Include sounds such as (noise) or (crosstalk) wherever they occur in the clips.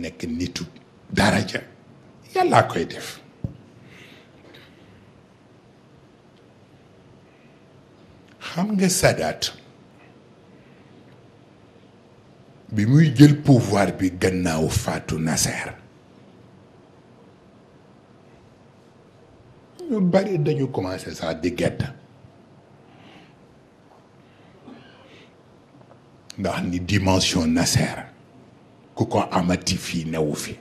nekk nitu daraja yàllaa koy def xam nga Sadat bi muy jël pouvoir bi gannaaw faatu Nasser ñu bari dañu commencé sax di gedd ndax ni dimension Nasser ku ko amati fii newu fi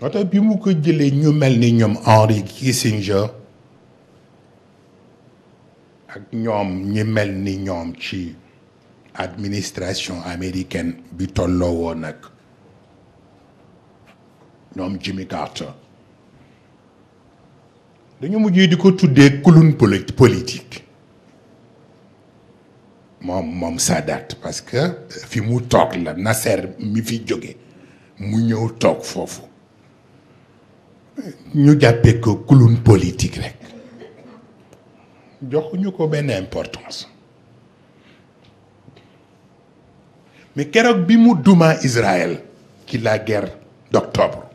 moo tax bi mu ko jëlee ñu mel ni ñoom Henry Kissinger ak ñoom ñi mel ni ñoom ci administration américaine bi tolloo woon nag ñoom Jimmy Carter dañu mujjee di ko tuddee clown politique moom moom Sadat parce que euh, fi mu tok la Nasser mi fi jóge mu ñëw tok fofu ñu jappé ko kulun politique rek joxuñu ko ben importance mais kérok bi mu duma Israël ki la guerre d'octobre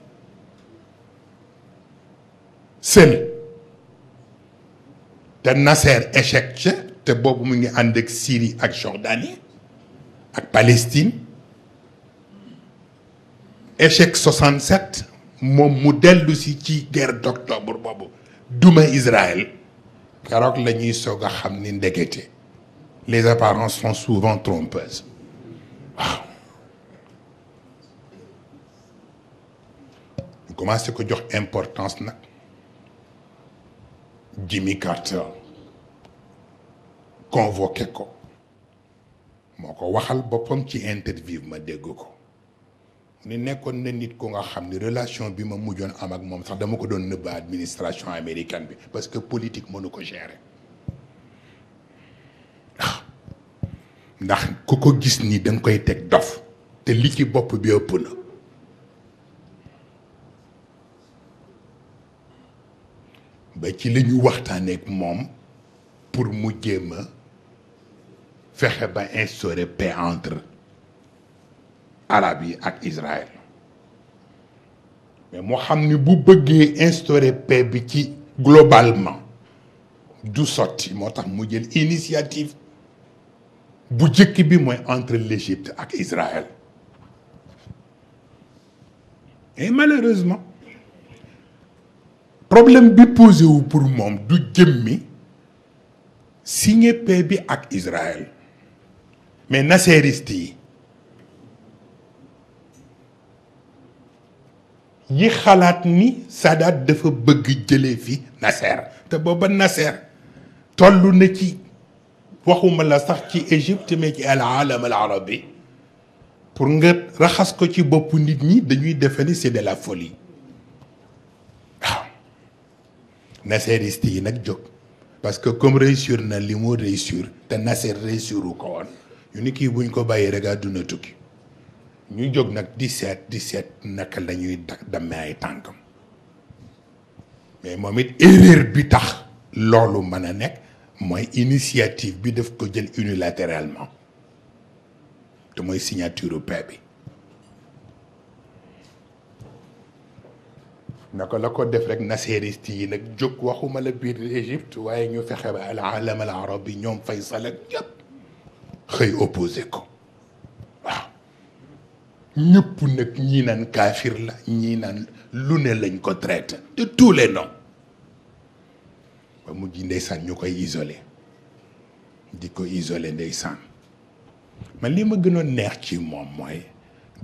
seul te Nasser échec te boobu mu ngi ànd ak Syrie ak Jordanie ak Palestine échec 67 Mon modèle dellu si ci guerre d'octobre boobu duma Israël keroog les apparences sont souvent trompeuses Comment est commencé ko jox importance nag Jimmy Carter convoqué ko moo ko waxal ci interview ma ni na nit ko nga xamni relation bi ma mujjoon am ak sax dama ko don administration américaine parce que politique monu ko gérer ah. ndax ku ko gis ni dang koy dof te li ci bop bi ëpp na ba ci pour mu Faire instaurer paix entre l'Arabie et Israël mais Mohamed, instaurer paix globalement sorti. sotti entre l'Égypte et Israël et malheureusement problème bi posé pour moi du signer paix avec Israël mais nasseriste yi ñi xalaat ni Sadat dafa bëgg jëlee fi Nasser te booba Nasser toll na ci waxuma la sax ci Égypte mais ci al alam al arabi pour nga raxas ko ci bopp nit ñi dañuy defe ni c'est de la folie waaw nasseriste yi nag jóg parce que comme réussir na li mu réussir te Nasser réussir ko woon ñu ni kii buñ ko bàyyi rek àdduna tukki ñu jóg nag di seet di seet naka lañuy ñuy damme tànkam mais moom it erreur bi tax loolu mën a nekk mooy initiative bi daf ko jël unilatéralement te mooy signature paix bi naka la ko def rek naseeriste yi nag jóg waxuma la biir Égypte waaye ñu fexe ba al alam al arabi ñoom fay ak ñëpp xëy opposé ko waaw ñëpp nag ñii naan kaafir la ñii naan lu ne lañ ko traité de tous les noms ba mujj ndeysaan ñu koy isolé di ko isolé ndeysaan man li ma gënoon neex ci moom mooy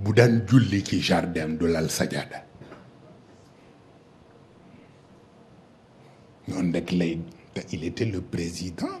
bu daan julli ci jardin du lal sajada noonu rek lay te il était le président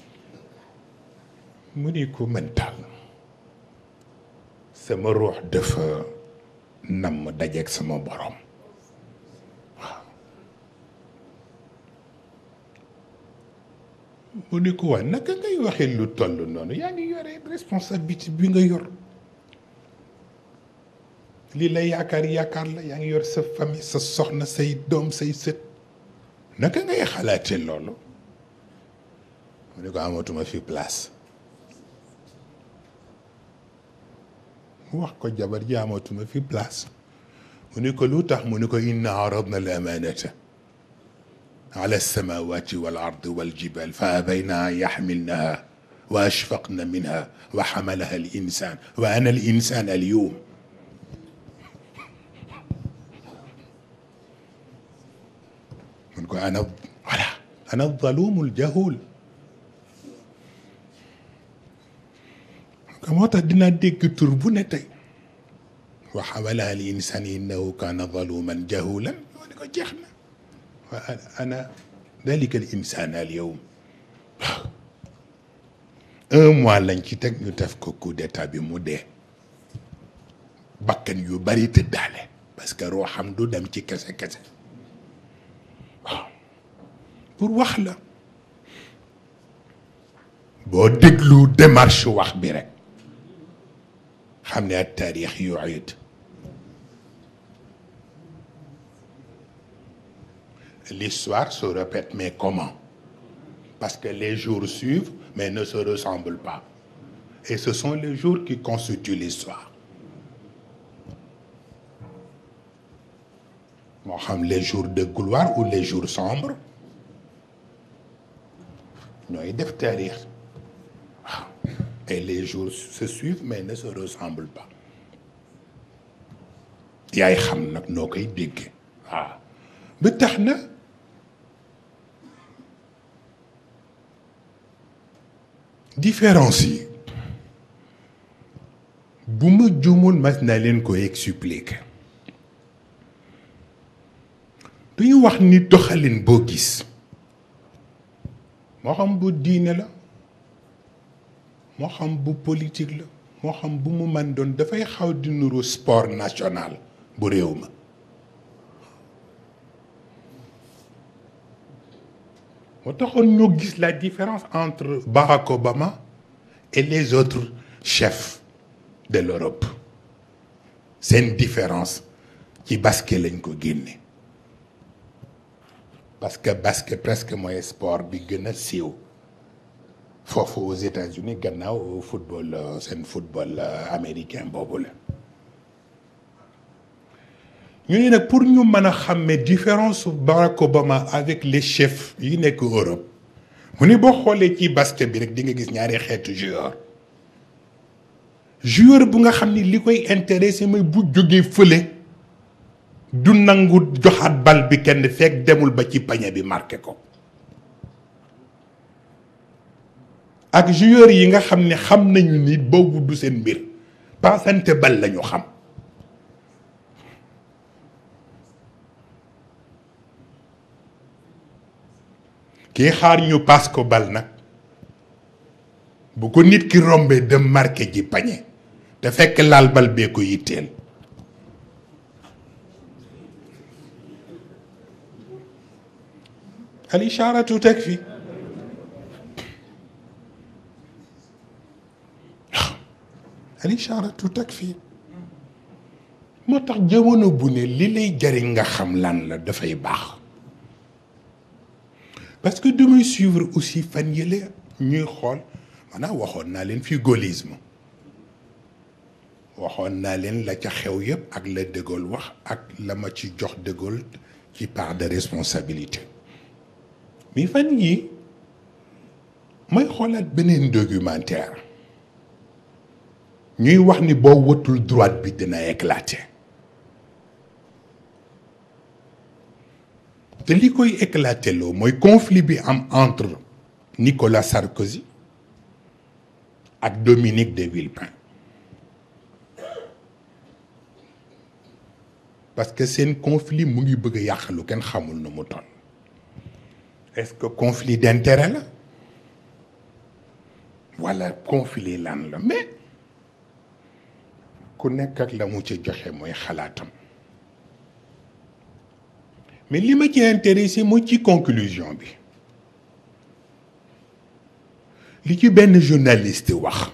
mu ni ko mëntaal sama ruux dafa namm dajeeg sama borom waaw mu ni ko waa naka ngay waxee lu toll noonu yaa ngi yore responsabilité bi nga yor lii la yaakaar yaakaar la yaa ngi yor sa famille sa soxna say doom say sët naka ngay xalaatee loolu mu ni ko amatuma fi place mu wax ko jabar ji amatuma fi place mu ni ko inna aradna al amanata على السماوات والأرض والجبال فأبينا أن يحملنها وأشفقن منها وحملها الإنسان وأنا الإنسان اليوم أنا أنا الظلوم الجهول كموتا دنا ديك تربونتي وحملها الإنسان إنه كان ظلوما جهولا ونجحنا انا ذلك الإنسان اليوم أموالا كتاك نتفكو كودة تابي مودة بكن يباري تدالة بس كروح حمد دم كي كسا كسا بور وحلا بو ديكلو ديمارش وحبيرك l'histoire se répète mais comment parce que les jours suivent mais ne se ressemblent pas et ce sont les jours qui constituent l'histoire les jours de gloire ou les jours sombres avons def et les jours se suivent mais ne se ressemblent pas yaay xam nak nokay ah. Bi taxna différence bu ma ko expliquer dañu wax ni doxalin bo gis mo xam bu la moo xam bu politique la moo xam bu mu man doon dafay xaw di nuru sport national bu réew ma ñu gis la différence entre Barack Obama et les autres chefs de l'Europe une différence ci basket lañ ko guéné parce que basket presque moy sport bi gëna a foofu aux États-Unis gannaaw football euh, sen football euh, américain bobu la ñu ni nak pour ñu mëna xamé différence Barack Obama avec les chefs yi nekk Europe mu ni bo xolé ci basket bi rek di nga gis ñaari xeetu joueur joueur bu nga xamni likoy li koy intéressé mooy bu joggé feulé du nangu joxaat bal bi kenn fek demul ba ci pañe bi marqué ko ak joueurs yi nga xam ne xam nañu ni boobu du seen mbir paasante bal lañu xam kii xaar ñu paas ko bal nag bu ko nit ki rombee dem marke ji pañe te fekk laal bal bee ko yitteel al isharatu takfi al-ishaaratu takfi moo tax jamono bu ne li lay jariñ nga xam lan la fay bax parce que demain suivre aussi fan yële ñuy xol maanaam waxon na len fi gaullisme waxon na len la ca xew yëpp ak la De Gaulle wax ak la ma ci jox De Gaulle ci part de responsabilité mais fan yi may xolat benen documentaire nous wax ni le wëtul droite bi dina éclater te li éclater conflit entre Nicolas Sarkozy et Dominique de Villepin parce que c'est un conflit mu ngi bëgg qui xamul est-ce que conflit d'intérêt la wala conflit lan mais ku nekk ak la mu ci joxe mooy xalaatam mais li ma m'intéresse, intéressé la ci conclusion bi li ci un journaliste wax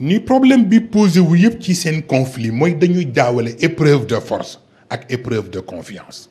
ni problème bi posé wu yëpp ci seen conflit mooy dañuy épreuve de force ak épreuve de confiance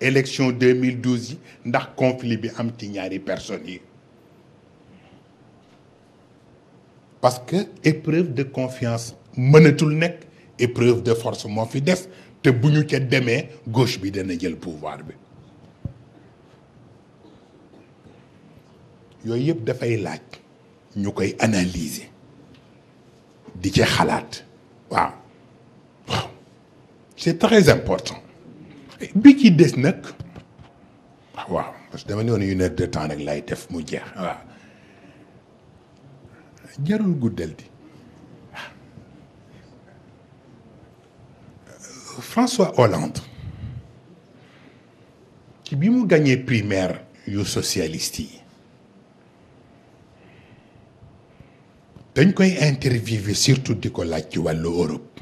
élection 2012 ndax conflit bi am ñaari personnes parce que épreuve de confiance mënatul nek épreuve de force mo fi des te buñu demain démé gauche bi dana jël pouvoir bi yooyu da fay laaj ñu analyser di c'est très important bi ci dess nak waaw parce que dama ne woon une de temps rek lay def mu jeex waaw jarul guddal di François Hollande ci bi mu gagné primaire yu socialiste yi dañ koy interviewé surtout di ko laaj ci wàllu Europe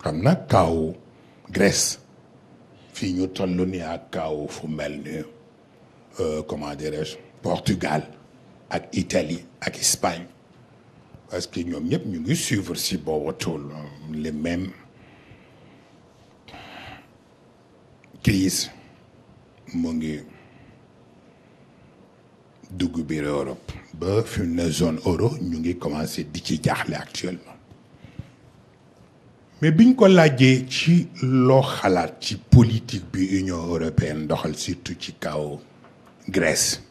xam na kaw Grèce ñu euh, comment dirais-je Portugal Italie Espagne parce que nous avons ñu suivre les mêmes crises mu ngi Europe zone euro nous ngi commencé à actuellement mais biñ ko laajee ci politique de l'Union européenne le surtout ci la Grèce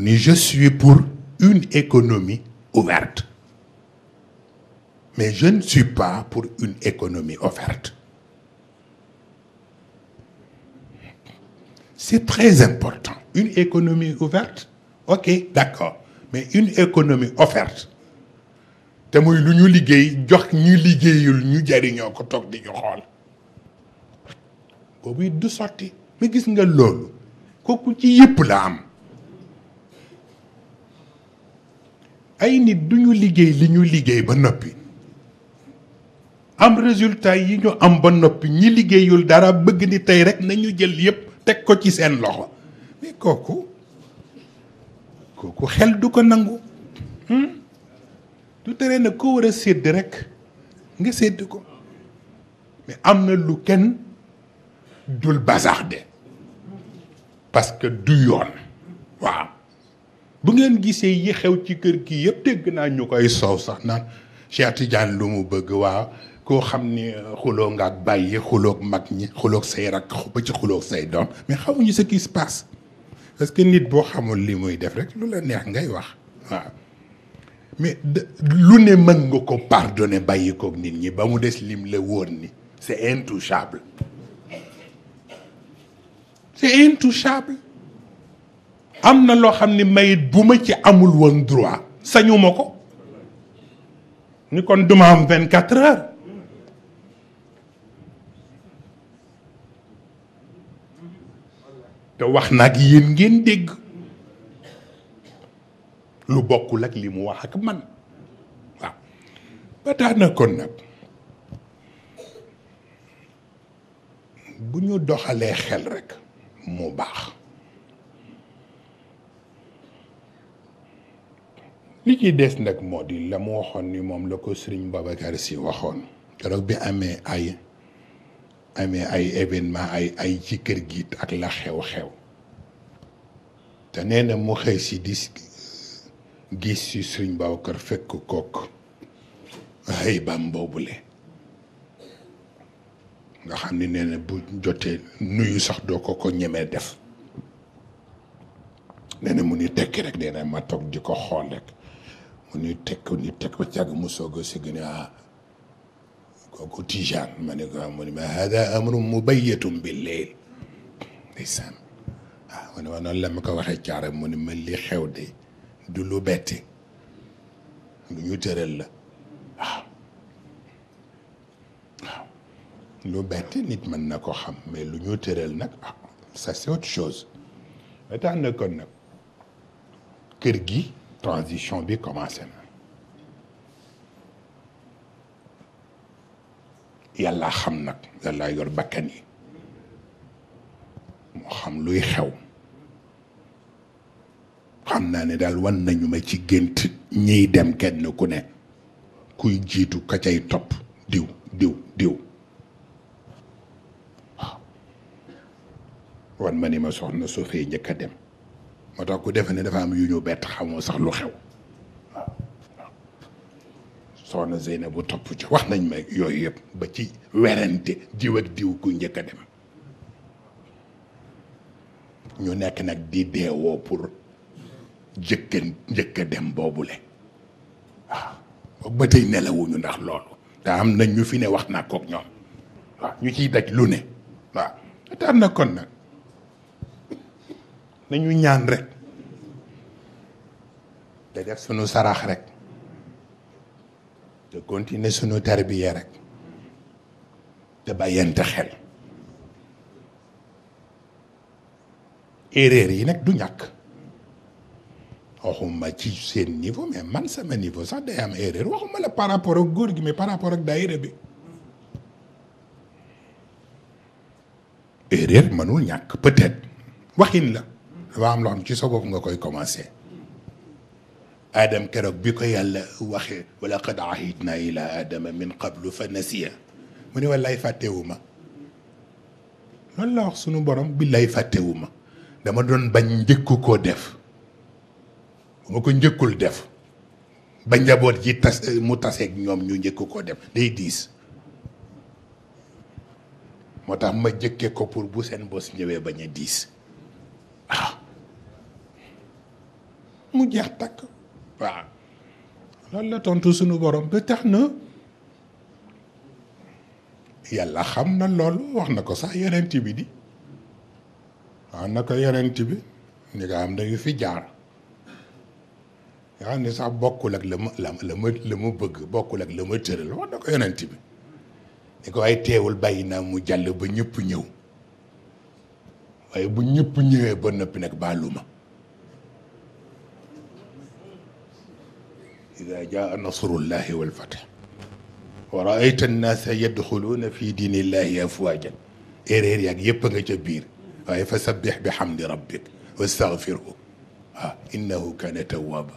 je suis pour une économie ouverte mais je ne suis pas pour une économie ouverte. c'est très important une économie ouverte ok d'accord mais une économie offerte te muy lu ñu liggéey jox ñu liggéeyul ñu jariñoo ko toog di ñu xool boobu it du sotti mais gis nga loolu kooku ci yëpp la am ay nit du ñu liggéey li ñu liggéey ba noppi am résultat yi ñu am ba noppi ñi liggéeyul dara bëgg ni tey rek nañu jël yépp teg ko ci seen loxo mais kooku kooku xel du ko nangu hmm? du tere na ko war a sédd rek nga sédd ko mais am na lu kenn dul bazarder parce que du yoon waaw bu ngeen gisee yi xew ci kër gi yëpp dégg naa ñu koy soow sax naan Cheikh Tidiane lu mu bëgg waaw koo xam ne euh, xuloo nga ak bàyyi xuloog mag ñi xuloog say rak ba ci xuloog say doom mais xamuñu ce qui se passe parce que nit boo xamul li muy def rek lu la neex ngay wax waaw mais lu ne mën nga ko pardonner baye ko nit ñi ba mu des lim le wóor ni c'est intouchable c'est intouchable am lo xamni ne mayit buma ci amul woon droit sañu mako ni kon duma am 24 heures te wax nag yéen ngeen lu bokkul ak li mu wax ak man waaw ba daana kon nag bu ñu doxalee xel rek mu baax li ci des nag moo di la mu waxoon ni moom la ko Serigne Babacar Sy waxoon keroog bi amee ay amee ay événement ay ay ci kër gi ak la xew-xew te nee na mu xëy si di gis si sëriñ Babacar fekk kook xëy baam boobule nga xam ni bu jotee nuyu sax do ko ko ñemee def nee na mu ni tekki rek nee ma toog di ko xool rek mu ni tek ni tekk ba càgg mu soog a si gën a kooku tijaan ma ko mu ni ma hada amru mubayyatun bil leyl ndeysaan waaw mu ne ma noonu la ko waxee caara mu ni ma li xew de De l'obété. lu la mais lu ah, ça c'est autre chose ba kon nag kër gi transition bi commencé na a xam nag yàlla yor bakkan xam luy xew xam naa ne daal wan nañu ma ci gént ñiy dem kenn ku ne kuy jiitu ka cay topp diw diw diw wan ma ni ma soxna soo fee njëkk a dem moo tax ku defe ne dafa am yu ñu bett xamoo sax lu xew waaw soxna Zeyna bu topp ci wax nañ ma yooyu yëpp ba ci werante diw ak diw ku njëkk a dem ñu nekk nag di deewoo pour jëkka njëkka dem boobu boobule waaw ba tey nelawuñu ndax loolu te am na ñu fi ne wax naa kook ñoom waaw ñu ciy daj lu ne waaw te am na kon nag nañu ñaan rek te def sunu saraax rek te continuer sunu tarbiya rek te bàyyante xel erreur yi nag du ñàkk waxuma ci seen niveau mais man sama niveau sax day am erreur waxuma la par rapport ak góor gi mais par rapport ak daayira bi erreur manul nakk ñàkk peut-être waxin la dafa am loo xam ci sa nga koy commencer aadam keroog bi ko yàlla waxee wala qad ahidna ila aadama min qablu fa nasiya mu ne wallaay fàttewuma loolu la wax sunu borom billaay fàttewuma dama doon bañ njëkk koo def bu ma ko njëkkul def ba njaboot ji tas eh, mu taseeg ñoom ñu njëkk koo def day diis moo tax ma jëkke ko pour bu seen bos ñëwee bañ a diis waaw ah. mu jeex takk waaw loolu la tontu suñu borom ba tax na yàlla xam na loolu wax na ko sax yonent bi di wax na ko yonent bi ñi nga xam dañu fi jaar yani sax bokkul ak la ma la ma la ma bëgg bokkul ak la ma tëral wax na ko yonent bi ni ko waaye teewul bàyyi naa mu jàll ba ñëpp ñëw waaye bu ñëpp ñëwee ba noppi nag baalu ma ida jaa nasrullahi wal fatih wa raayta annaasa yadxuluuna fi diinillahi afwaajan erreur yaag yëpp a nga ca biir waaye fa sabbix bi xamdi rabbik wastaxfirhu waaw innahu kaana tawwaaba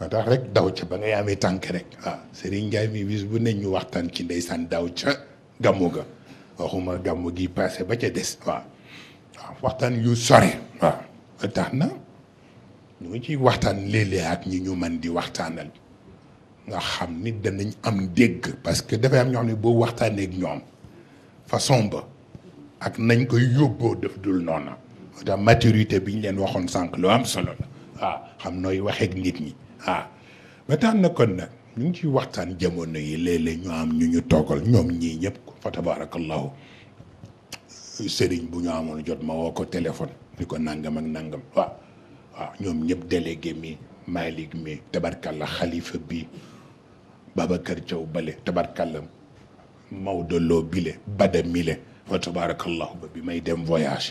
moo tax rek daw ca ba ngay amee tànk rek waaw ah, Serigne Ndiaye mi bis bu ne ñu waxtaan ci ndeysaan daw ca gàmmu ga waxuma gàmmu gi passé ba ca des waaw waxtaan yu sore waaw tax na ñu ngi ciy waxtaan léeg ak ñi ñu man di waxtaanal nga xam nit ni danañ am dégg parce que dafay am ñoo xam ne boo waxtaaneek ñoom façon ba ak nañ koy yóbboo def dul noona moo tax maturité bi ñu leen waxoon sànq lu am solo la waaw ah, xam nooy waxeek nit ñi ah ba tax na kon nag ñu ngi ciy waxtaan jamono yi léeg-léeg ñu am ñu ñu toogal ñoom ñii ñëpp fa tabarakallahu sëriñ bu ñu amoon jot mawoo ko téléphone ni ko nangam ak nangam waaw waaw ñoom ñëpp délégué mi Malick mi tabarkalla xalifa bi Babacar Thiaw bale tabarkalla Maodo Lo bile Bada mile fa tabarakallahu ba bi may dem voyage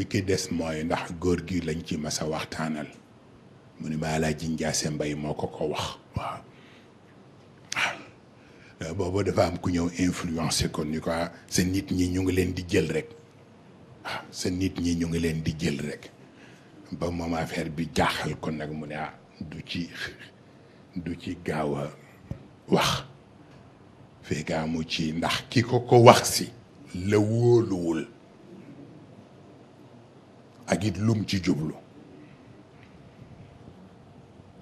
bi ki des mooy ndax góor gi lañ ci mas a waxtaanal mu ni ma Alaaji Njaase Mbay moo ko ko wax waaw boobu dafa am ku ñëw influencé ko ni ko sa nit ñi ñu ngi leen di jël rek waaw sa nit ñi ñu ngi leen di jël rek ba moom affaire bi jaaxal ko nag mu ne ah, du ci du ci gaaw a wax fekk amu ci ndax ki ko ko wax si la wóoluwul ak it lum ci jublu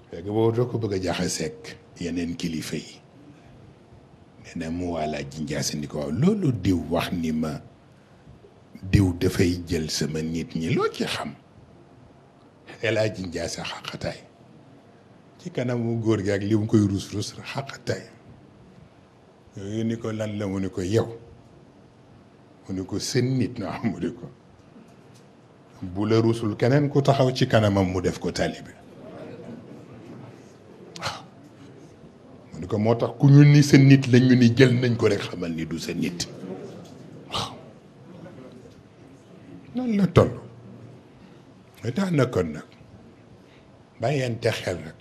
fekk boobu doo ko bëgg a jaxe sekk yeneen kilifa yi nee na mu wàllaa ji njaasi ni ko waaw loolu diw wax ni ma diw dafay jël sama nit ñi loo ci xam elaa ji njaasi xaqataay ci kanamu góor gi ak li mu koy ruus rus xaqataay yooyu ni ko lan la mu ni ko yow mu ni ko seen nit na am (laughs) mu ko bu la rusul keneen ku taxaw ci kanamam mu def ko taalibe waaw mu ko moo tax ku ñu ni sa nit la ñu ni jël nañ ko rek xamal ni du sa nit waaw noonu la toll nga tax na kon nag bàyyante xel rek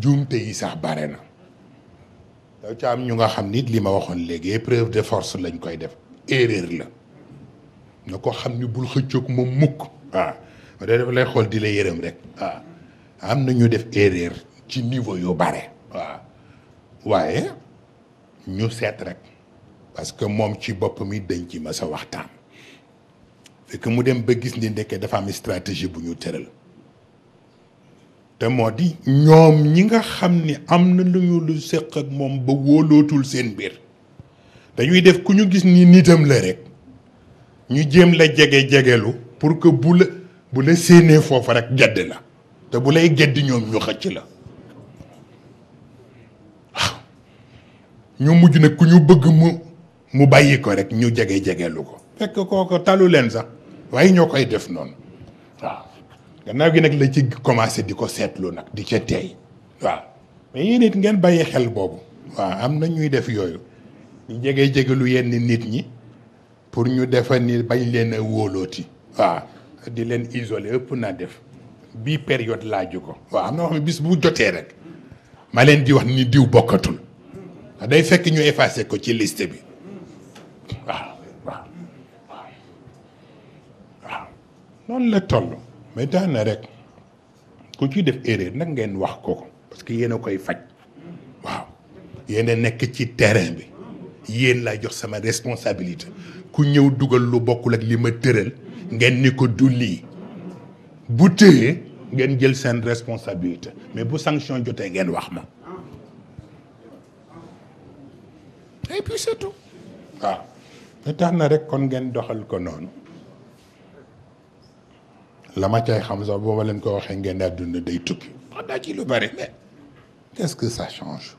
juumte yi sax bare na daw ca am ñu nga xam nit li ma waxoon léegi épreuve de force lañ koy def erreur la na ko xam ni bul xëccoog moom mukk waaw ah, da def lay xool di la yërëm rek waaw ah, am na ñu def erreur ci niveau yu bare waaw ah, waaye ñu seet rek parce que moom ci boppam yi dañ ci ma sa waxtaan fekk mu dem ba gis ni ndekkee dafa am stratégie bu ñu tëral te moo di ñoom ñi nga xam ni am na lu ñu lu séq ak moom ba wóolootul seen biir dañuy def ku ñu gis nii nitam la rek ñu jéem la jege jegelu pour que bu la bu la séenee foofa rek gedd la te bu lay gedd ñoom ñu xëcc la ñu mujj nag ku ñu bëgg mu mu bàyyi ko rek ñu jege jegelu ko fekk kooko talu leen sax waaye ñoo koy def noonu waaw gannaaw gi nag la ci commencé di ko seetlu nag di ca teey waaw mais yéen it ngeen bàyyi xel boobu waa am na ñuy def yooyu ñu jege jegelu yenn nit ñi pour ñu defa ni bañ leen a wóolooti waaw di leen isolé ëpp naa def bii période laaju ko waaw am na wax ne bis bu jotee rek ma leen di wax ni diw bokkatul day fekk ñu effacé ko ci liste bi waaw waaw la toll mais daana rek ku ci def erreur nag ngeen wax ko ko parce que yéen a koy faj waaw yéen nekk ci terrain bi yéen laa jox sama responsabilité ku ñëw dugal lu bokkul ak li ma tëral ngeen ni ko dulli bu téye ngeen jël seen responsabilité mais bu sanction jotee ngeen wax ma et puis c'est tout waaw ah. da tax na rek kon ngeen doxal ko noonu la ma cay xam sax booba leen ko waxee ngeen àdduna day tukki wax daa ci lu bari mais est ce que ça change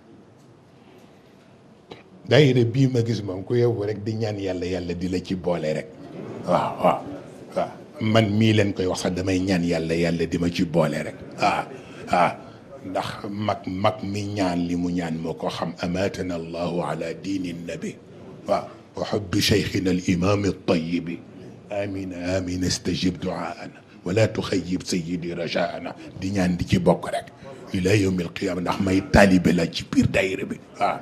dayre bi ma gis mom ku yow rek di ñaan yàlla yàlla di la ci boole rek waaw waaw man mi leen koy wax sax damay ñaan yàlla yàlla di ma ci boole rek ah ah ndax mag mag mi ñaan li mu ñaan moko xam amatana allah ala din an nabi wa wa xubbi shaykhina al imam tayyib amin amin istajib duaana wa la tukhayyib sayyidi rajaana di ñaan di ci bok rek ila al qiyamah ndax may taalibe la ci bir daayira bi ah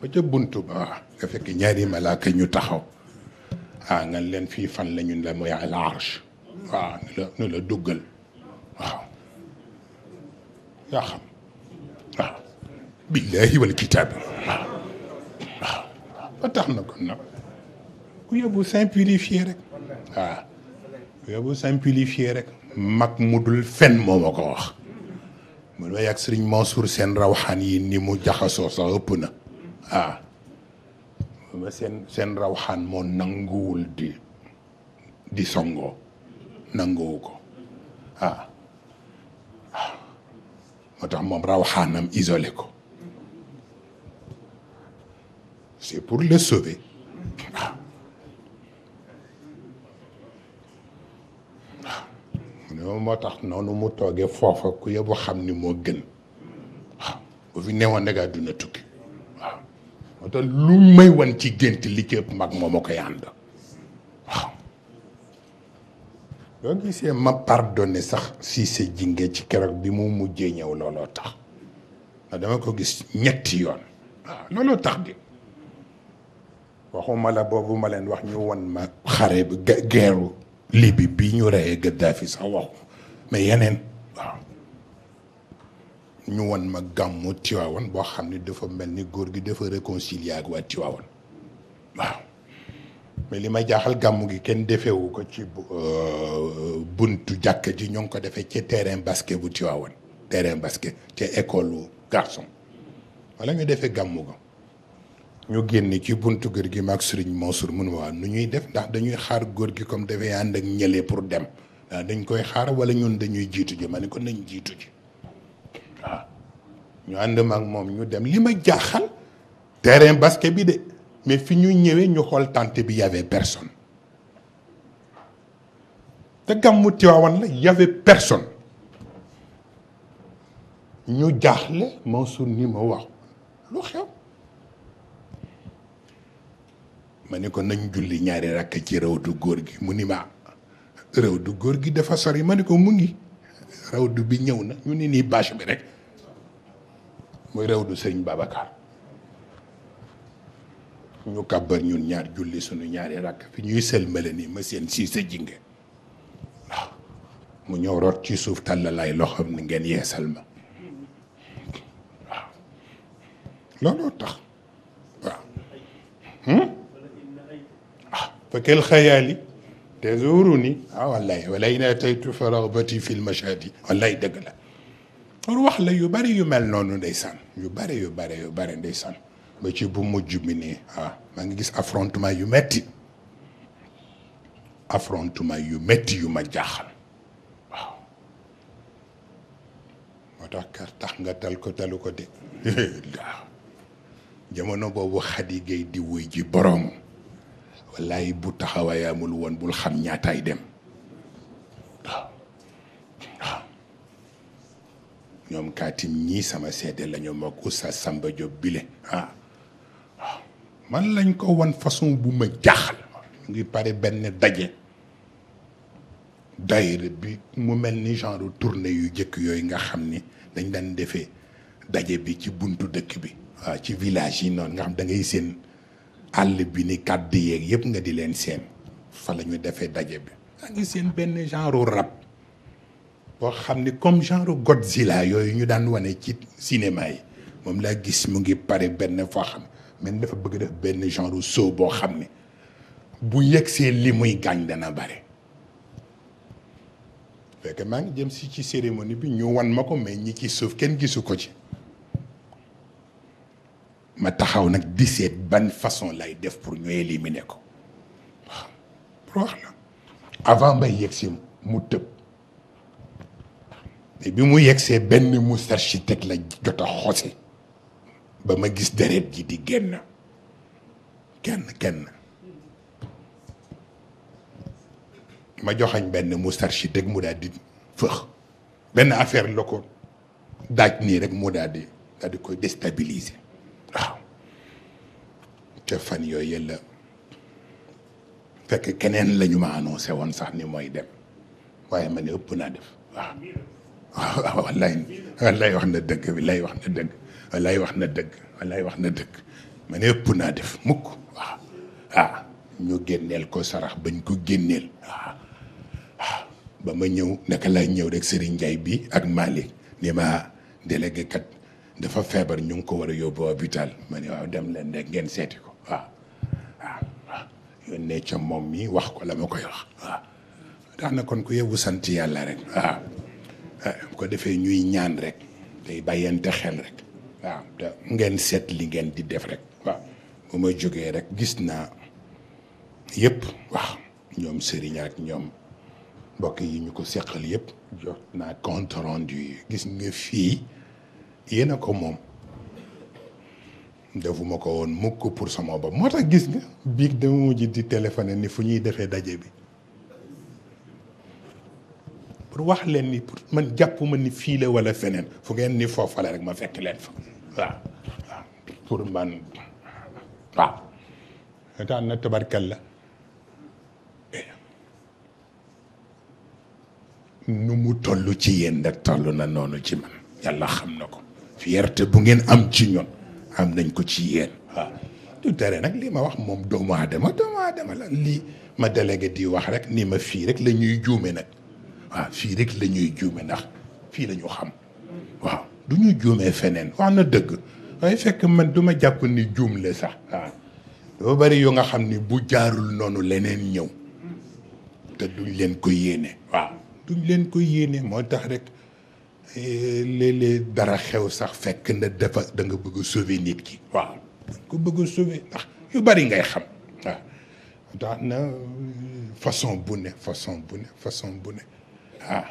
ba ca buntu ba nga fekk ñaari malaaka ñu taxaw ah nga leen fii fan la ñun la mooy al waaw ah, nu la duggal waaw yaa xam waaw ah. billaahi wal waaw ah. ba tax na kon nag ku yóbbu simplifié rek mag mu dul fen moo ma ko wax mu lay ak sëriñ Mansour seen rawaxaan yi ni mu jaxasoo sax ëpp na ah ma seen seen rawxaan moo nanguwul di di songoo nanguwu ko ah. ah moo tax moom rawxaanam isole ko c'est pour le sauver waaw ah. ah. moo tax noonu mu tooge foofa ku yóbbu xam ni moo gën waaw bu fi newoon rek àdduna tukki. moo lu may won ci gént li ci ëpp mag moo ma koy ànd waaw boo gisee ma pardonné sax si sa jinge ci keroog bi mu mujjee ñëw looloo tax ndax ah, dama ko gis ñetti yoon waaw ah, looloo tax di waxuma la boobu ma leen wax ñu won ma xare bi geeru libi bi ñu reyee Gaddafi sax waxu mais yeneen waaw ñu won ma gàmmu Tiwaawan boo xam ne dafa mel ni góor gi dafa réconcilier ak waa Tiwaawan waaw mais li ma jaaxal gàmmu gi kenn defewu ko ci euh, buntu jàkk ji ñoo ngi ko defee ci terrain basket bu Tiwaawan terrain basket ci école garçon wala ñu defee gàmmu ko ñu génn ci buntu kër gi ma ak maag Sëriñ Mansour mun waa nu ñuy def ndax dañuy xaar góor gi comme dafay ànd ak ñële pour dem dañ koy xaar wala ñoon dañuy jiitu ji ma ne ko nañ jiitu ci ñu ànd mak mom ñu dem lima jaxal terrain basket bi de mais fi ñu ñëwé ñu xol tante bi y avait personne te gàmmu tiwawan la y avait personne ñu mo Mansour ni mo wax lu xew mané ko nañ julli ñaari rak ci rew du gor gi mu ni ma du gor gi dafa sori mané ko mu ngi rew du bi ñew na ñu ni ni bâche bi rek muy rewdu sëriñ Babacar ñu kàbbar ñun ñaar julli sunu ñaari rakk fi ñuy sëlmale nii ma seen sii sa jinge waaw mu ñëw root ci suuf tàllalaay loxoom ni ngeen yeesal ma waaw looloo tax waaw ah fakkel xayaali te zuuru ni ah wallaay walay na taytu fa ragbati fi lmashadi wallaay dëgg la pour wax la yu bari yu mel noonu ndeysaan yu bari yu bari yu bari ndeysaan ba ci bu mujj bi nii ah maa ngi gis affrontement yu metti affrontement yu metti yu ma jaaxal waaw moo tax kar tax nga tal ko talu ko de (laughs) jamono boobu Khady Gueye di wuy ji boroom wallaay bu taxawaay amul woon bul xam ñaataay dem kaatim ñii sama seede lañu moog Oustaz Samba Diop bile ah. Ah. man lañ ko wan façon bu ma jaaxal ñu ngi pare benn daje daayira bi mu mel ni genre tournée yu jëkk yooyu nga xam ni dañ daan defee daje bi ci buntu dëkk bi waaw ah, ci village yi noonu nga xam da seen àll bi ni kàdd yeeg yëpp nga di leen seen fa lañu defee daje bi daa ngi seen benn genre rab boo xam ni comme genre Godzilla yooyu ñu daan wane ci cinéma yi moom laa gis mu ngi pare benn foo xam ne dafa bëgg def benn genre soo boo xam bu yegsee li muy gaañ dana bare fekk maa ngi jëm si ci cérémonie bi ñu wan ma mais ñi ci suuf kenn gisu ci ma taxaw nag di ban façon lay def pour ñu éliminer ko waaw avant mbay yegsi mu tëb mais bi mu yegsee benn moustarchid teg la jot xossé xose ba ma gis deret gi di génn kenn kenn ma joxagn ben moustarchid tek mu dal di feux ben affaire loko daj ni rek mu dal di dal di koy déstabiliser waaw te fan yooyu yëlla fekk keneen lañu ma annoncé won sax ni moy dem waaye ma ne ëpp naa def waaw waaw (laughs) wallaay wallaay wax na dëgg wallaay wax na dëgg wax na dëgg wax na dëgg ma ne naa def mukk waaw ah, ñu génneel ko sarax bañ ko génneel waaw ah, ah, waaw ma ñëw naka laa ñëw rek Serigne Ndiaye bi ak Malick ni ma délégué kat dafa feebar ñu ngi ko war a yóbbu hôpital ma ne dem leen rek ngeen seeti ko waaw ca moom mi wax ko la ma koy wax waaw dax na kon ku yebbu sant yàlla rek waaw Eh, bu ko defé ñuy ñaan rek day bàyyante xel rek waaw te ngeen seet li ngeen di def rek waaw bu ma joggé rek gis naa yëpp wax ñoom Serigne ak ñoom mbokk yi ñu ko seqal yëpp jot naa compte rendu gis nga fii yéen ko moom defuma ko woon mukk pour sama ba moo tax gis nga biig dama mujj di téléphoné ni fu ñuy defee daje bi pour wax leen ni pour man jàpp ma ni fii la wala feneen fu ngeen ni foofa la rek ma fekk leen fa waaw waaw pour man waaw étaan na tabarkal la nu mu toll ci yéen nag toll na noonu ci man yàlla xam na ko fierté bu ngeen am ci ñoon am nañ ko ci yéen waaw du tere nag lii ma wax moom doomu aadama doomu aadama la lii ma délégué di wax rek ni ma fii rek la ñuy juume nag waaw ah, fii rek la juume ndax fii la xam waaw du ñu juumee feneen wax na dëgg waaye fekk man duma ma jàpp ni juumle sax waaw dafa bari yu nga xam ni bu jaarul noonu leneen ñëw te duñ leen ko yéene waaw duñ leen ko yéene moo tax rek eh, léeg-léeg dara xew sax fekk na dafa da nga bëgg a sauver nit ki waaw ko bëgg sauver ndax yu bari ngay xam waaw daa na façon bu ne façon bu ne façon bu ne ah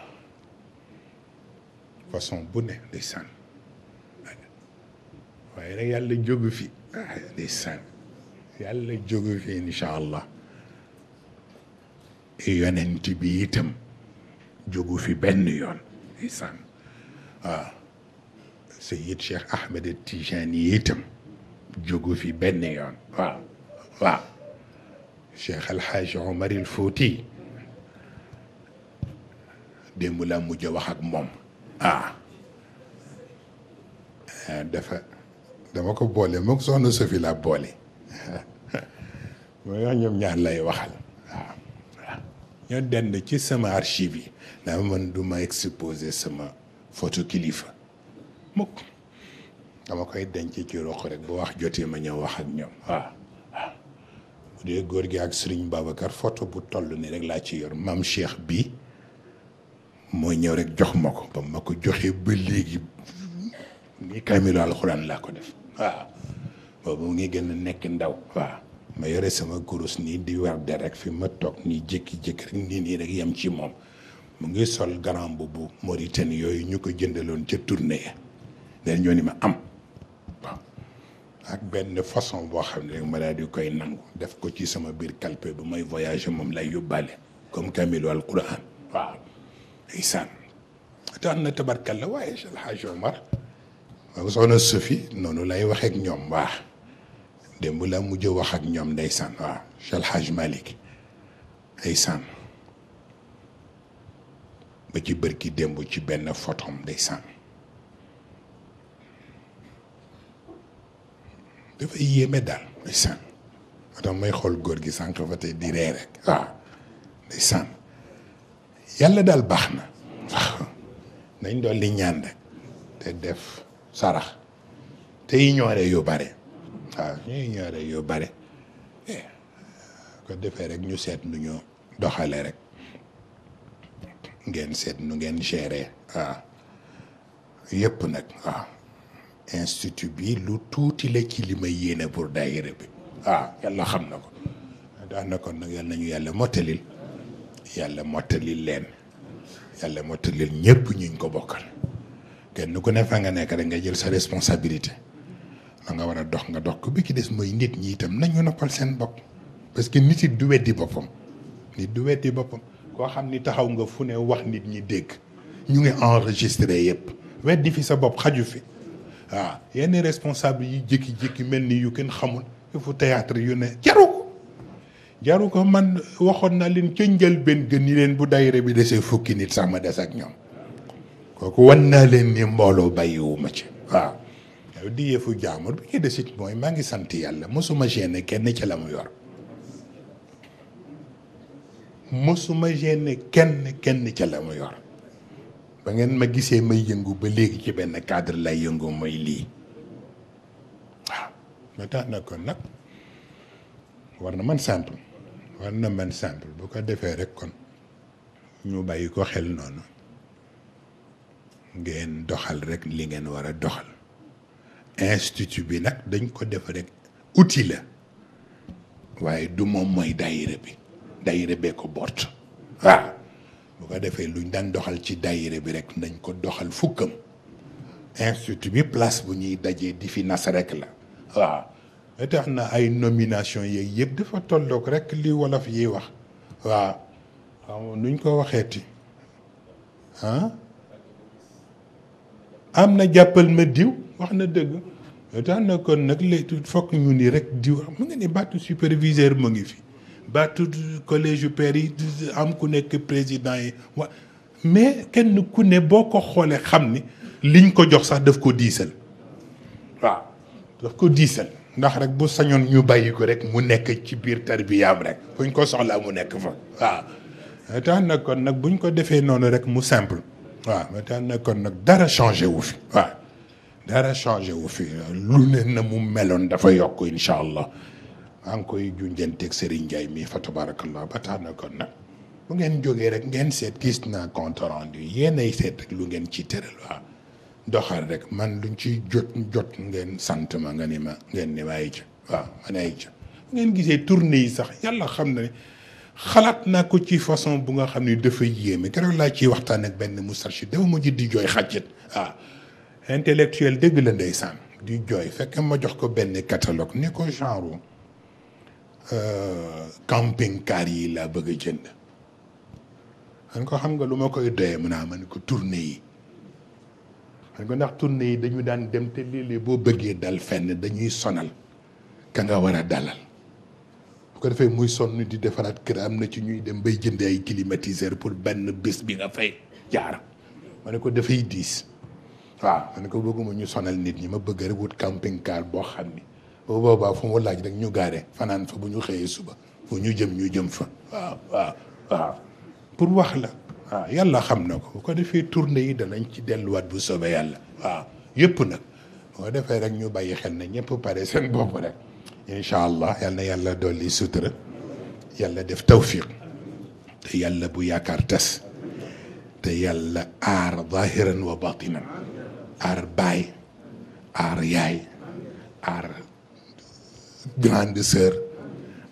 façon bu ne ndeysaan waaye nag yàlla jógu fi ah ndeysaan yàlla jógu fi incha allah yonent bi itam jógu fi benn yoon ndeysaan waaw Seyyid Cheikh Ahmed Tijani itam jógu fi benn yoon waaw waaw Cheikh Alhaji Omar El Fouti démb laa mujj wax ak moom ah eh, dafa dama ko boole moom soxna Sophie laa boole (laughs) mooy wax ñoom ñaar lay waxal waaw ah. ñoo dend ci sama archive yi ndax man du ma exposé sama photo kilifa mukk dama koy denc ci roq rek bu wax jotee ma ñëw wax ak ñoom waaw ah. ah. bu dee góor gi ak Serigne Babacar photo bu toll ni rek laa ci yor maam Cheikh bi moo ñëw rek jox ma ko ba ma ko joxee ba léegi ni kaamilu alxuraan laa ko def waaw boobu mu ngi gën nekk ndaw waaw ma yore sama kurus nii di war de fi ma toog nii jékki-jékki rek nii nii rek yem ci moom mu ngi sol grand boobu Mauritanie yooyu ñu ko jëndaloon ca tournée ya dañ ñoo ni ma am waaw ak benn façon boo xam ne rek ma daal di koy nangu def ko ci sama biir calpe bu may voyager moom lay yóbbaale comme kaamilu alxuraan waaw إيسان تان تبارك الله وايش الحاج عمر وصونا السفي نونو لاي واخك نيوم واخ ديمبو لا موجو واخك نيوم نيسان وا شال حاج مالك ايسان بتي بركي ديمو تي بن فوتوم ديسان دافا إيه ييمي دال ايسان ادم ماي خول غورغي سانك فاتي دي ري رك وا ديسان yàlla daal baax na nañ dool di ñaan rek te def sarax te ignoré yu bare waaw ñu ignoré yu bare eh, ko defee rek ñu seet nu ñu doxale rek ngeen seet nu ngeen gérer waaw yëpp nag waaw institut bi lu tuuti la ci li ma pour daayira bi waaw yàlla xam na ko daanaka nag yàlla nañu yàlla mottalil yalla mottalil len yàlla mottalil ñëpp ñuñ ko bokkal kenn ku ne fa nga nek rek nga jël sa responsabilité la nga war dox nga dox ko bi ki dess moy nit ñi tam nañu noppal sen bopp parce que nit du weddi bopam nit du weddi bopam ko xamni taxaw nga fune wax nit ñi dégg ñu ngi enregistrer yépp weddi fi sa bop xaju fi ah yenn responsable yi jékki-jékki melni yu kenn xamul fu théâtre yu ne jaru jaru ko man waxoon na leen ca njëlbéen gën ni leen bu dayre bi desee fukki nit sax ma des ak ñoom kooku wan naa leen ni mbooloo bàyyiwuma ci waaw yow di yëfu jaamur bi ci desit mooy maa ngi sant yàlla mosuma génne kenn la mu yor mosuma génne kenn kenn ca la mu yor ba ngeen ma gisee may yëngu ba léegi ci benn kadr lay yëngu mooy lii waaw ma tax na kon nag war na man sant war na mën simple bu ko defee rek kon ñu bàyyi ko xel noonu ngeen doxal rek li ngeen war a doxal institut bi nag dañ ko def rek outil la waaye du moom mooy daayira bi daayira bee ko boot waaw ah! bu ko defee luñ daan doxal ci dayire bi rek nañ ko doxal fukkam institut bi place bu ñuy dajee di fi nas rek la waaw ah! tax na ay nomination yeeg yëpp dafa tolloog rek li wolof yi wax wa nuñ ko waxeeti ah am na jàppal ma diw waxna deug dëgg na kon nag léegi fokk ñu ni rek diw mu nga ni baatu superviseur mo ngi fi baatu collège père yi am ku nek président yi mais kenn ku ne boko xolé xamni liñ ko jox sax daf ko diisal wa daf ko diisal ndax rek bu sañoon ñu bàyyi ko rek mu nekk ci biir tarbiyaam rek buñ ko soxlaa mu nekk fa waaw tax nag kon nag buñ ko defee noonu rek mu simple waaw tax na kon nag dara changé wu fi waaw dara changé wu fi lu ne na mu meloon dafa yokk incha allah maa ngi koy junjanteeg Serigne Ndiaye mii fa tabarakallah ba tax na kon nag bu ngeen jógee rek ngeen seet gis naa compte rendu yéenay seet rek lu ngeen ci tëral waaw doxal rek man luñ ci jot jot ngeen sant ma nga ni ma ngeen ni ma ay ca waaw man ay ca ngeen gisee tournée yi sax yàlla xam na ne xalaat naa ko ci façon bu nga xam ne dafa yéeme keroog laa ciy waxtaan benn moustarchid dafa ma ji di jooy xàccet waaw intellectuel dëgg la di jooy fekk ma jox ko benn catalogue ni ko genre euh, camping car yi laa bëgg a jënd xam nga lu ma koy doyee mun a ah, man ko tournée yi xam nga ndax turne yi dañu daan dem te léeg-léeg boo bëggee dal fenn dañuy sonal ka nga war a dalal bu ko defee muy sonn di defaraat kër am na ci ñuy dem bay jënd ay climatiseur pour benn bis bi nga fay jaar ma ne ko dafay diis waaw ma ko bëgguma ñu sonal nit ñi ma bëgg rek wut camping car boo xam ni bu boobaa fu mu laaj rek ñu gaare fanaan fa bu ñu xëyee suba fu ñu jëm ñu jëm fa waaw waaw waaw pour wax la. waaw yàlla xam na ko bu ko defee tournée yi danañ ci delluwaat bu soobee yàlla waaw yëpp nag bu ko defee rek ñu bàyyi xel na ñëpp pare seen bopp rek incha allah yal na yàlla dolli sutura yàlla def tawfiq te yàlla bu yaakaar tas te yàlla aar zahiran wa batinan aar baay aar yaay aar grande sœur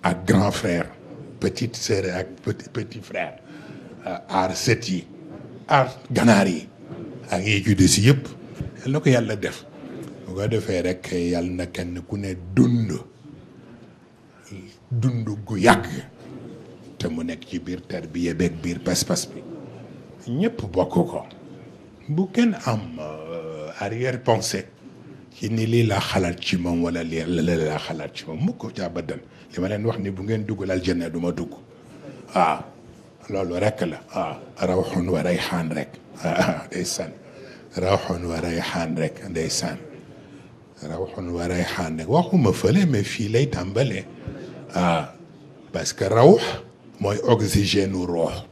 ak grand frère petite sœur ak petit frère Euh, aar set yi aar ganaar yi ak yi juddi si yëpp yal na ko yàlla def bu ko defee rekk yàlla na kenn ku ne dund dund gu yàgg te mu nekk ci biir tarbiya beeg biir pas-pas bi ñëpp bokk ko bu kenn am euh, arrière pensée ci ni lii laa xalaat ci moom wala lii laa xalaat ci moom mukk ko ca abadan li ma leen wax ni bu ngeen dugg aljanna du ma dugg waaw قالوا له ركلة آه روح وريحان رك آه ليسان آه، روح وريحان رك ليسان روح وريحان رك وهو مفلي مفيلي تنبلي آه بس كروح موي أكسجين روح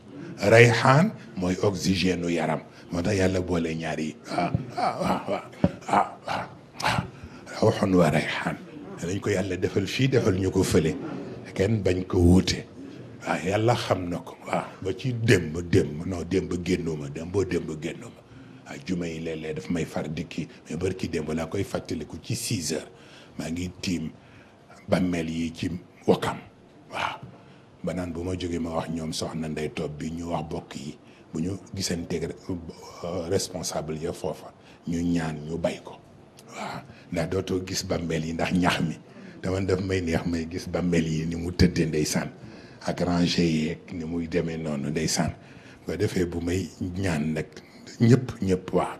ريحان موي أكسجين يرم ماذا يلا بولي نياري آه آه آه آه آه آه, آه،, آه. روح وريحان dañ ko yàlla defal fii defal ñu ko fële kenn bañ ko wuute waaw ah, yàlla xam na ko waaw ah, ba ci démb démb non démb génnuma dem boo démb génnuma waaw ah, juma yi léeg-léeg daf may far dikki mais bari ki démb laa koy fàttaliku ci 6 heures maa ngi tiim bàmmeel yi ci wakam waaw ba bu ma jógee ma wax ñoom soxna Ndey Top bi ñu wax bokk yi bu ñu gisanteeg euh, responsable ya foofa ñu ñaan ñu bay ko waaw ndax dootoo gis bàmmeel yi ndax ñax mi dama daf may neex may gis bàmmeel yi ni mu tëddee ndeysaan ak rangé yeeg ni muy demee noonu ndeysaan nga defee bu may ñaan nag ñëpp ñëpp waaw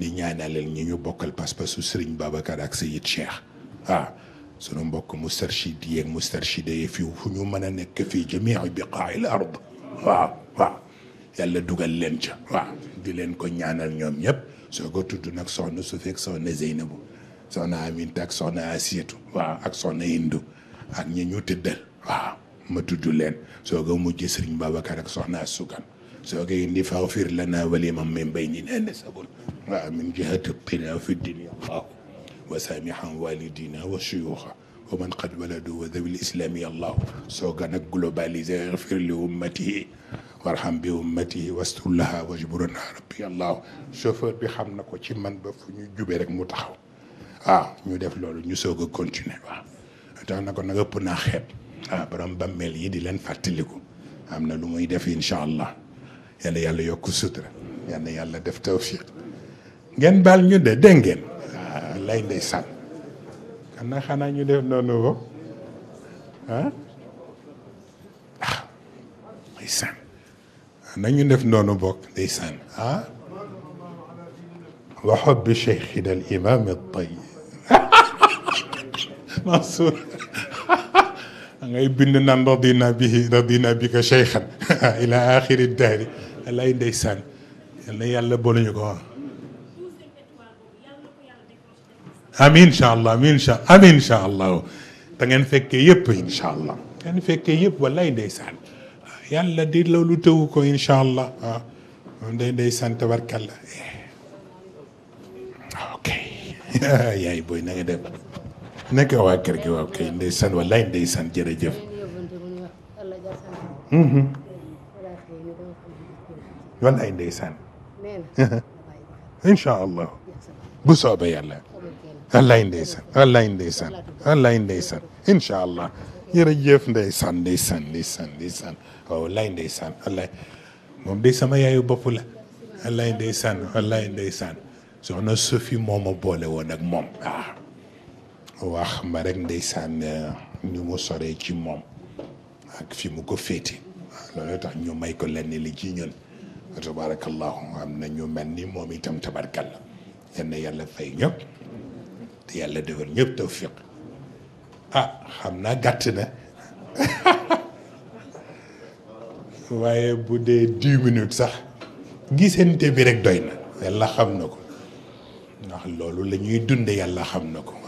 di ñaanaleel ñi ñu bokkal pas-pasu Serigne Babacar ak Seyid Cheikh waaw sunu mbokk mustarchid yeeg mustarchida yi fi fu ñu mën a nekk fii jamii biqaail ard waaw waaw yàlla dugal leen ca waaw leen ko ñaanal ñoom ñëpp soo ko tudd nag soxna su fekk soxna Zeynabu soxna Aminta ak soxna Asiyatu ak soxna Hindu ak ñi ñu tëddal ma tudd leen soo ko mujj sëriñ Babacar ak soxna Sukan soo ko indi faaw fir lana walimam min bayni nene sabun wa min jihati tina fi dunia allah wa samihan walidina wa shuyuxa wa man qad waladu wa dhawi lislami allah soo ko nag globalisé fir li ummatihi warham bi ummatihi wastullaha wajburna rabbi allah chauffeur bi xam na ko ci man ba fu ñu jubee rek mu taxaw waaw ñu def loolu ñu soog a continuer waaw tax na ko nag ëpp naa xeeb ah borom bàmmeel yi di leen fàttaliku am na lu muy def incha allah yal na yàlla yokk sutura yal na yàlla def tawfiq ngeen baal ñu de dégg ngeen lay ndeysaan xanaa xanaa ñu def noonu ko ah ah ndeysaan nañu def noonu bokk ndeysaan ah wa hubbi cheikhina al imam at tayyib Mansour ngay bind naan radina bihi radina bika shaykhan ila axiri dahri lay ndeysaan yal na yàlla boole ñu ko amin inshallah amin incha amin inshallah allah da ngeen fekke yep inshallah ngeen fekke yep wallahi ndaysan yàlla di loolu tëwu ko inshallah ndey waaw moom day ndeysaan tabarkalla ok yaay booy na nga def nekk waa kër gi waaw kay ndeysaan wallaay ndeysaan jërëjëf. Mhm. wallaay ndeysaan. incha allah bu soobee yàlla. wallaay ndeysaan wallaay ndeysaan wallaay allah jërëjëf ndeysaan ndeysaan ndeysaan ndeysaan waaw wallaay ndeysaan moom de sama yaayu bopp la. wallaay ndeysaan wallaay ndeysaan soxna Sophie moo ma boole woon ak moom ah. wax ma rek ndeysaan euh, ni mu soree ci moom ak fi mu ko féete loolu tax ñu may ko lenn li ci ñun tabarakallahu am na ñu mel ni moom itam tabarkalla yenn yàlla fay ñëpp te yàlla defal ñëpp tawfiq ah xam naa gàtt na (laughs) waaye bu dee dix minutes sax gisante bi rek doy na yàlla xam na ko ndax loolu lañuy dunde yàlla xam na ko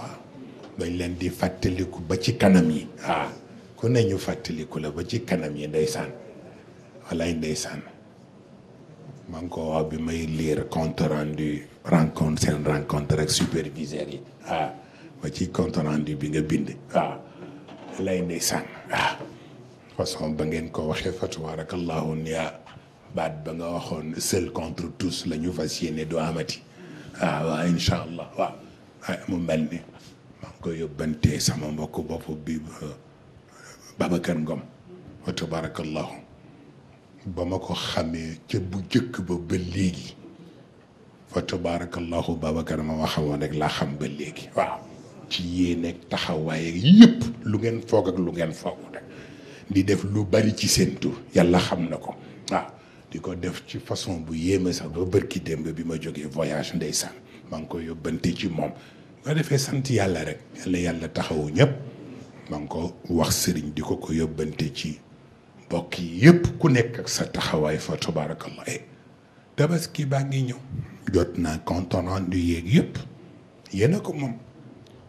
bañ leen di fàttaliku ba ci kanam yi ah ku ne ñu fàttaliku la ba ci kanam yi ndeysaan walaay ndeysaan maa ngi ko wax bi may lire compte rendu rencontre seen rencontre ak superviseur yi ah ba ci compte rendu bi nga bind ah walaay ndeysaan ah façon ba ngeen ko waxee fa tabarakallahu niya ah, baat ba nga waxoon seul contre tous la ñu fas yéene doo amati ah waaw incha allah ah, mu mel ni ko yóbbante sama mbokk bopp bi Babacar Ngom wa tabarakallahu ba ma ko xamee ca bu jëkk ba ba léegi fa tabarakallahu Babacar ma waxawoon rek laa xam ba léegi waaw ci yéen ak taxawaay ak lu ngeen foog ak lu ngeen foog rek di def lu bari ci seen tur yàlla xam na ko waaw di ko def ci façon bu yéeme sax ba bërki démb bi ma jógee voyage ndeysaan maa ngi ko yóbbante ci moom nga defee sant yàlla rek yàlla yàlla taxawu ñëpp maa ko wax sëriñ di ko ko yóbbante ci mbokk yi yëpp ku nekk ak sa taxawaay fa tabarakallah eh, tabaski baa ngi ñëw jot naa compte rendu yéeg yëpp yéen ko moom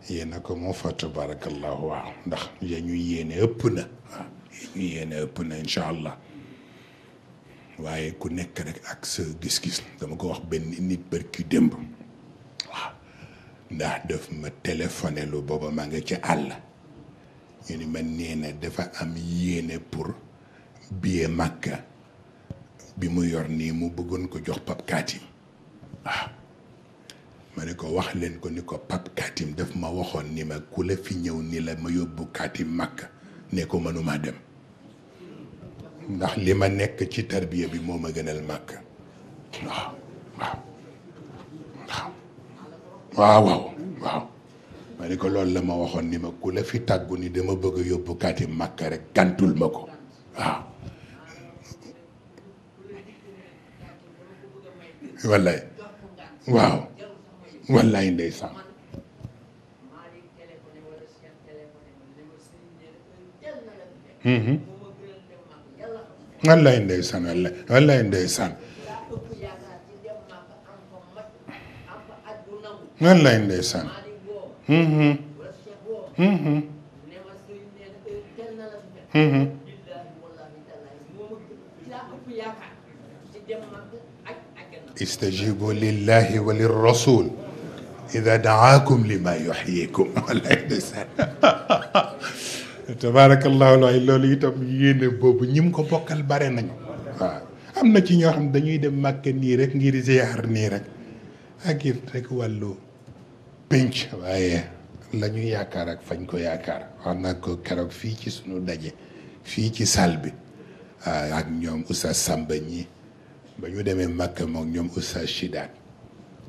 yéen ko moom fa tabarakallahu waaw ndax ya ñu yéene ëpp na waaw ah, ya ñu yéene ëpp na incha allah waaye ku nekk rek ak sa gis-gis dama ko wax benn nit bërki démb waaw ndax daf ma téléphoné lu booba maa nga ca àll ñu ni ma nee dafa am yéene pour billet Makka bi mu yor nii mu bëggoon ko jox Pape Katim waaw ah. ma ne ko wax leen ko ni ko Pape Katim daf ma waxoon ni ma ku la fi ñëw ni la ma yóbbu Katim Makka ne ko mënuma dem ndax li ma nekk ci tarbiya bi moo ma gënal Makka waaw ah. ah. waaw waaw waaw waaw ma ne ko loolu la ma waxoon ni ma ku la fi tàggu ni dama bëgg a yóbbu kaati màkka rek gàntul ma ko waaw wallaay waaw wallaay ndeysaan mhm. wallaay ndeysaan wallaay ndeysaan من لا ينسان استجيبوا لله وللرسول إذا دعاكم لما يحييكم (laughs) (laughs) تبارك الله لا إله إلا هو يين بوب نيم كو بوكال باري نان آه. امنا سي ньо خام دانيي ديم مكه ني رك ngir ziar ni rek ak rek walu pénc waaye la yaakaar ak fañ ko yaakaar wax naa ko keroog fii ci suñu daje fii ci salle bi ah, ak ñoom Oustaz Samba ñi ba ñu demee Makka mook ñoom Oustaz Chidaat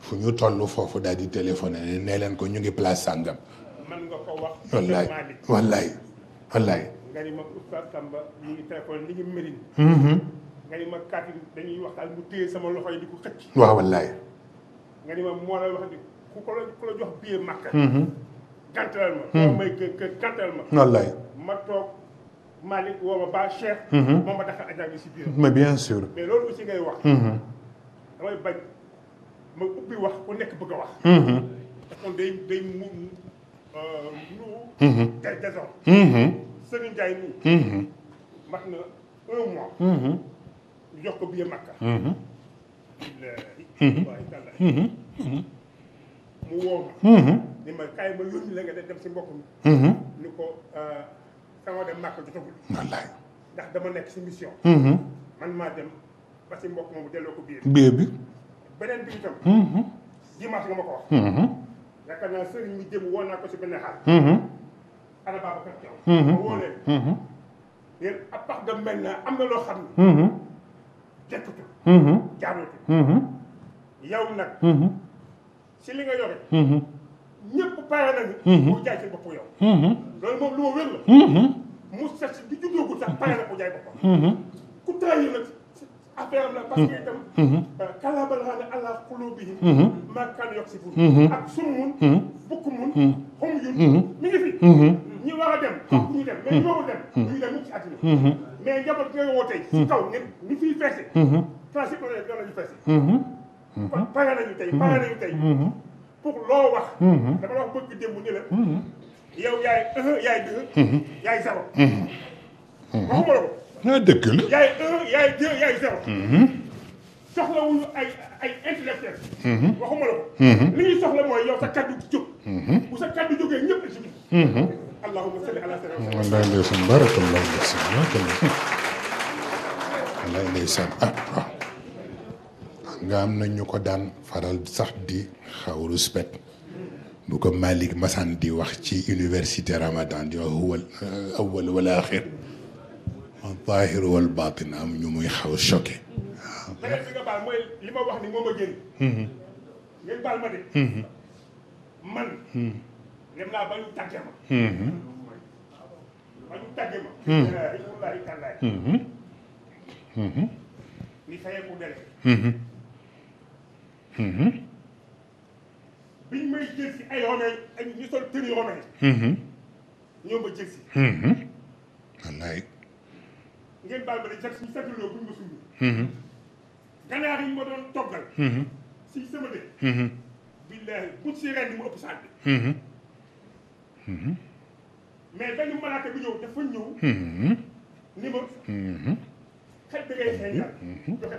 fu ñu toll foofu daal di téléphoné ne nee leen ko ñu ngi place sàngam. man wallaay wallaay wallaay. ma Oustaz Samba ñu ngi téléphoné ñu ngi Mérine. Mm-hmm. nga ma kàddu dañuy waxtaan mu téye sama loxo yi di ko xëcc. waaw wallaay. ku ko la ku la jox billet Makka. kantelal mhm. ma. loolu mooy kantelal a ajag si biir. mais bien sûr. mais loolu aussi ngay wax. Mhm. damay bañ ma ubbi wax ku nekk bëgg a wax. um, mhm. que day day mu euh, mu. tey désordre. Serigne Ndiaye nii. mat na un mois. ñu jox ko mu woo ma. Mm-hmm. ni ma kaay ma yónni la nga dem si mbokk mi. Mm-hmm. ni ko euh, sama dem màkk jotagul. wallaay ndax dama nekk si mission. Mm-hmm. man maa dem ba si mbokk moomu delloo ko biir. bi. beneen bi itam. dimanche nga ma ko wax. yaakaar naa sëriñ bi jëm woo ko si benn xaal. ana Babacar Thiaw. loo xam ne. nag. si li nga yore. Mhm. ñëpp pare nañu. mu mhm. jaay seen bopp yow. Mhm. loolu moom lu ma wér la. mu set di juddoogul sax pare na mu jaay boppam. ku trahir nag affaire am la parce que itam. kàllaa bal xam ne allah kuloo bi. maa kan yokk si buur. ak summun. bukkumun. xom yun. mi ngi fi. ñi war a dem. xam ku ñu dem mais ñi warul dem. ñu dem ñu ci àddina. mais njaboot bi nga woo tey. si kaw ne ni fiy feese. principe la ñu feese. kon mmh. tey mmh. mmh. pour loo wax. dama la wax bëgg démb ni la. yow yaay un yaay deux. yaay zéro. waxuma ah, dëgg la yaay un yaay deux yaay zéro. soxlawuñu ay ay intellectuel. waxuma la sa kaddu gi jóg. bu sa kaddu jógee ñëpp a jublu. allahumma salli ala sayyidina. wallaahi ndeysaan barakallahu ndeysaan wallaahi ndeysaan ah waaw. nga am na ko daan faral sax di xaw respect bu ko Malick Massane di wax ci université Ramadan di wax huwa awal wal axir zahir wal batin am ñu muy xaw choqué waaw ma nga baal mooy li ma wax ni moo ma gën ngeen baal ma de man dem naa ba ñu tàgge ma ba ñu tàgge ma wallahi tallaay ni fayeeku dele Mm-hmm. biñ may jël si ay romain ak ñu sol tëri romain. ñoo ma jël si. Mm-hmm. wallaay. ngeen baal ma ne jag suñu satuloo buñ ma suñu. ma doon toggal. Mm-hmm. si sama dëkk. billahi buñ si ren di ma ëpp saag bi. mais benn malaaka bi ñëw dafa ñëw. ni ma. xet da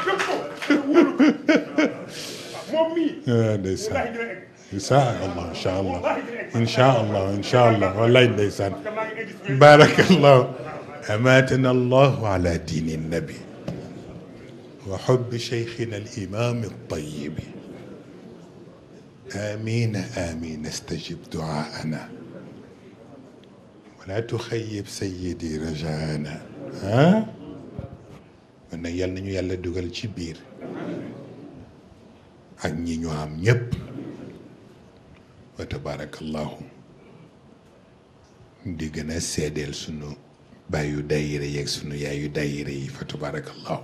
ديسان الله ان شاء الله ان شاء الله ان شاء الله والله ديسان بارك الله اماتنا الله على دين النبي وحب شيخنا الامام الطيب امين امين استجب دعاءنا ولا تخيب سيدي رجاءنا ها من يلا يلا دوغل شبير ak ñi ñu am ñépp wa tabarakallahu di gën a seedeel sunu bàyyu dayire yeeg sunu yaayu dayire yi fa tabarakallahu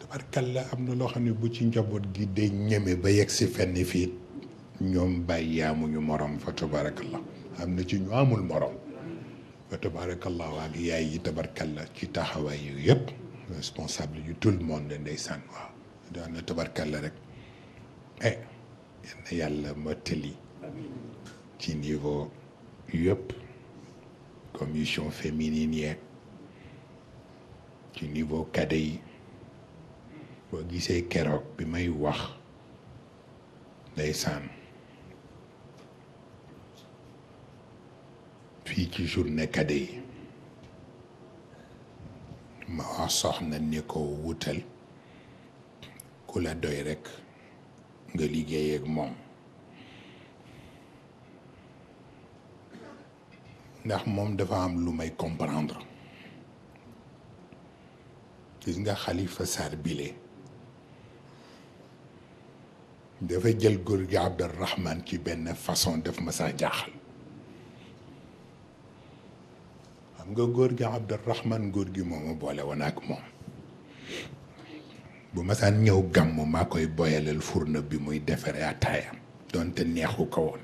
tabarkalla am na loo xam ne bu ci njaboot gi de ñeme ba yegg si fenn fii ñoom bàyyi amuñu morom fa tabarakallahu am na ci ñu amul morom fa tabarakallahu ak yaay yi tabarkalla ci taxawaay yu yëpp responsable yu tout le monde ndeysaan waaw le na tabarkal rek eh yenn yàlla mottali ci niveau yep commission féminine du ci niveau cadet yi boo gisee bi may wax ndeysaan fii ci journée ma soxna ne ko kula doy rek nga liggéey ak mom ndax mom dafa am lu may comprendre gis nga Khalifa sar bile dafa jël góor gi Abdurahman ci ben façon def ma sa jaxal xam nga góor gi Abdurahman góor gi mooma boole woon ak mom bu masaan ñëw gàmm maa koy boyalal furno bi muy defaree ataayam donte neexu ko woon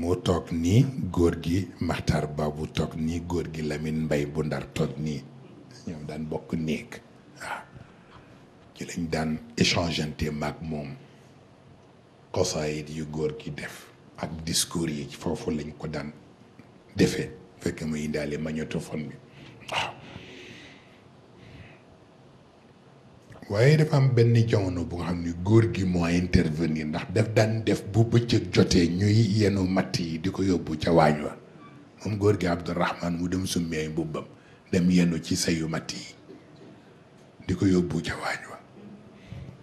mu toog nii góor gi Maxtar Ba bu toog nii góor gi lamin Mbay bu ndar toog nii ñoom daan bokk néeg waaw ci lañ daan échangeante maag moom xosaayit yu góor gi def ak discours yi foofu lañ ko daan defee fekk muy indaale magnétophone bi waaw waaye dafa am benn jamono bu nga xam ni góor gi moo intervenir ndax daf daan def bu bëccëg jotee ñuy yenu matt yi di ko yóbbu ca waañ wa moom góor gi Abdourahman mu dem summi ay mbubbam dem yenu ci sayu matt di ko yóbbu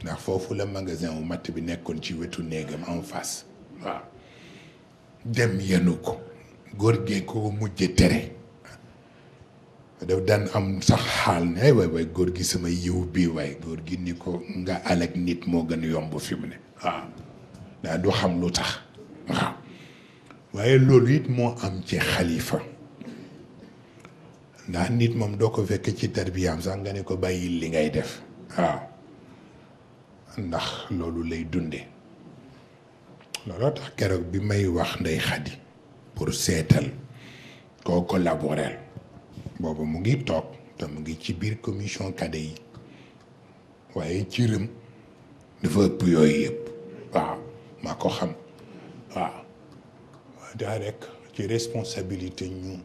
ca foofu la magasin wu matt bi nekkoon ci wetu néegam en face waaw dem yenu ko góor gee ko mujje tere daf daan am sax xaal ne ay waay waay góor gi sama yiw bii waay góor gi ni ko nga alak nit moo gën yomb fi mu ne waaw xam lu tax waaye loolu moo am ci xalifa ndax nit moom doo ko fekk ci tarbiyaam sax nga ne ko bàyyi li ngay def waaw ndax loolu lay dunde looloo tax keroog bi may wax ndey xadi pour seetal koo collaborer boobu mu ngi toog te mu ngi ci biir commission cadre yi waaye cëram dafa ëpp yooyu yëpp waaw maa ko xam waaw daa rek ci responsabilité ñu